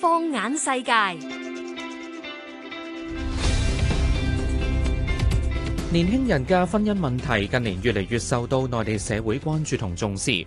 放眼世界，年輕人嘅婚姻問題近年越嚟越受到內地社會關注同重視。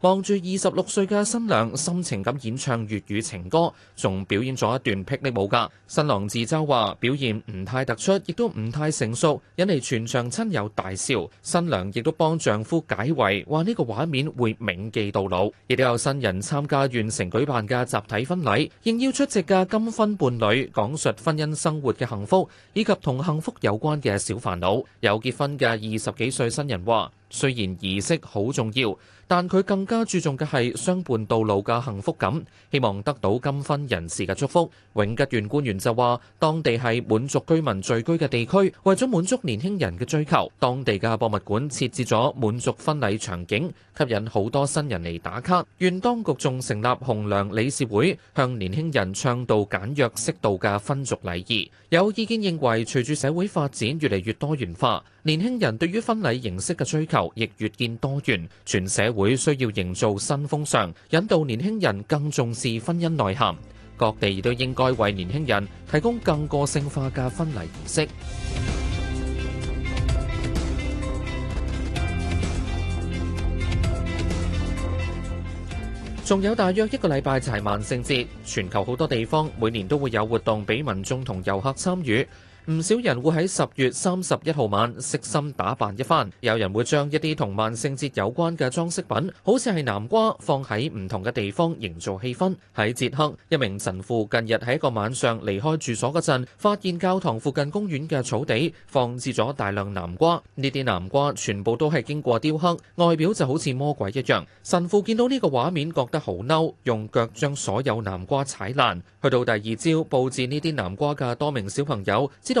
望住二十六歲嘅新娘，深情咁演唱粵語情歌，仲表演咗一段霹靂舞㗎。新郎自嘲話：表現唔太突出，亦都唔太成熟，引嚟全場親友大笑。新娘亦都幫丈夫解圍，話呢個畫面會銘記到老。亦都有新人參加縣城舉辦嘅集體婚禮，應邀出席嘅金婚伴侶講述婚姻生活嘅幸福，以及同幸福有關嘅小煩惱。有結婚嘅二十幾歲新人話。雖然儀式好重要，但佢更加注重嘅係相伴到老嘅幸福感，希望得到金婚人士嘅祝福。永吉縣官員就話，當地係滿族居民聚居嘅地區，為咗滿足年輕人嘅追求，當地嘅博物館設置咗滿族婚禮場景，吸引好多新人嚟打卡。縣當局仲成立紅娘理事會，向年輕人倡導簡約適度嘅婚俗禮儀。有意見認為，隨住社會發展越嚟越多元化，年輕人對於婚禮形式嘅追求亦越見多元，全社會需要營造新風尚，引導年輕人更重視婚姻內涵。各地亦都應該為年輕人提供更個性化嘅婚禮儀式。仲有大約一個禮拜就係萬聖節，全球好多地方每年都會有活動俾民眾同遊客參與。唔少人會喺十月三十一號晚悉心打扮一番，有人會將一啲同萬聖節有關嘅裝飾品，好似係南瓜，放喺唔同嘅地方營造氣氛。喺捷克，一名神父近日喺一個晚上離開住所嗰陣，發現教堂附近公園嘅草地放置咗大量南瓜，呢啲南瓜全部都係經過雕刻，外表就好似魔鬼一樣。神父見到呢個畫面覺得好嬲，用腳將所有南瓜踩爛。去到第二朝，佈置呢啲南瓜嘅多名小朋友知道。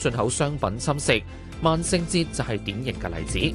進口商品侵蝕，萬聖節就係典型嘅例子。